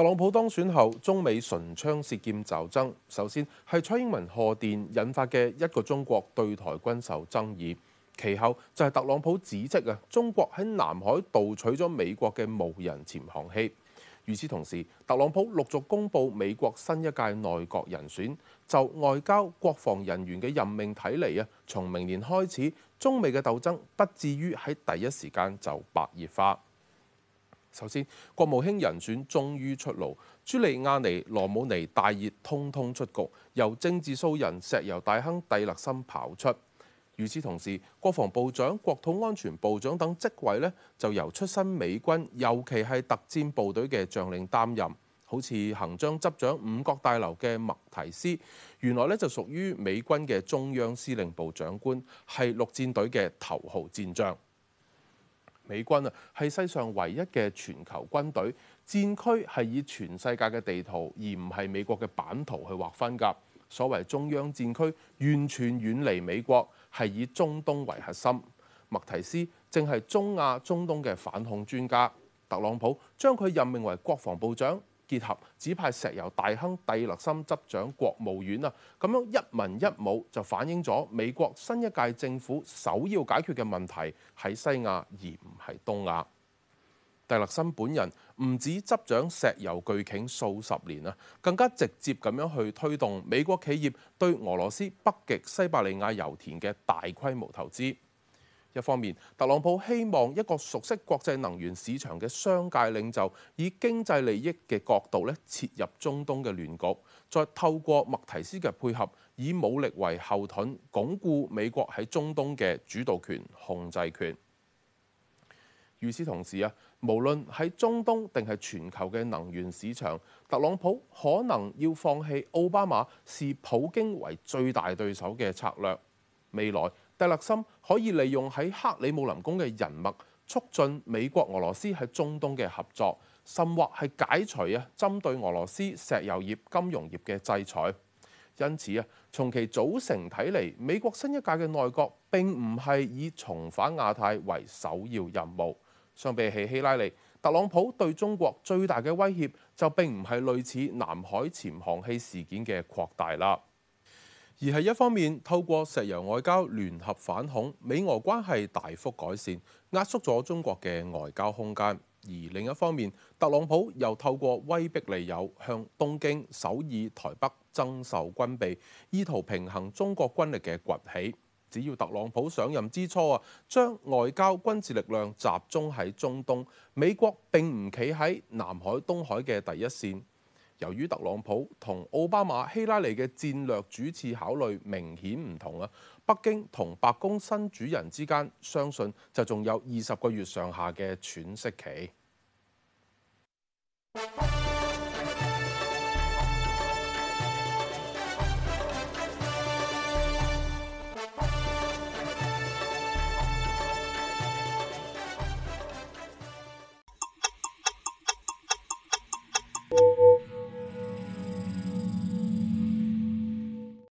特朗普當選後，中美唇槍舌劍就爭。首先係蔡英文賀電引發嘅一個中國對台軍售爭議，其後就係特朗普指責啊，中國喺南海盜取咗美國嘅無人潛航器。與此同時，特朗普陸續公布美國新一屆內閣人選，就外交、國防人員嘅任命睇嚟啊，從明年開始，中美嘅鬥爭不至於喺第一時間就白熱化。首先，國務卿人選終於出爐，朱利亞尼、羅姆尼大熱，通通出局，由政治素人石油大亨蒂勒森跑出。與此同時，國防部長、國土安全部長等職位呢，就由出身美軍，尤其係特戰部隊嘅將領擔任，好似行將執掌五角大樓嘅麥提斯，原來呢，就屬於美軍嘅中央司令部長官，係陸戰隊嘅頭號戰將。美軍啊，係世上唯一嘅全球軍隊，戰區係以全世界嘅地圖，而唔係美國嘅版圖去劃分㗎。所謂中央戰區完全遠離美國，係以中東為核心。麥提斯正係中亞中東嘅反恐專家，特朗普將佢任命為國防部長。結合指派石油大亨蒂勒森執掌國務院啦，咁樣一文一武就反映咗美國新一屆政府首要解決嘅問題喺西亞，而唔係東亞。蒂勒森本人唔止執掌石油巨擎數十年啦，更加直接咁樣去推動美國企業對俄羅斯北極西伯利亞油田嘅大規模投資。一方面，特朗普希望一個熟悉國際能源市場嘅商界領袖，以經濟利益嘅角度呢切入中東嘅亂局，再透過麥提斯嘅配合，以武力為後盾，鞏固美國喺中東嘅主導權控制權。與此同時啊，無論喺中東定係全球嘅能源市場，特朗普可能要放棄奧巴馬視普京為最大對手嘅策略，未來。戴勒森可以利用喺克里姆林宮嘅人脈，促進美國俄羅斯喺中東嘅合作，甚或係解除啊針對俄羅斯石油業金融業嘅制裁。因此啊，從其組成睇嚟，美國新一屆嘅內閣並唔係以重返亞太為首要任務，相比起希拉里，特朗普對中國最大嘅威脅就並唔係類似南海潛航器事件嘅擴大啦。而係一方面透過石油外交聯合反恐，美俄關係大幅改善，壓縮咗中國嘅外交空間，而另一方面，特朗普又透過威逼利誘向東京、首爾、台北增售軍備，意圖平衡中國軍力嘅崛起。只要特朗普上任之初啊，將外交軍事力量集中喺中東，美國並唔企喺南海、東海嘅第一線。由於特朗普同奧巴馬希拉里嘅戰略主次考慮明顯唔同啊，北京同白宮新主人之間相信就仲有二十個月上下嘅喘息期。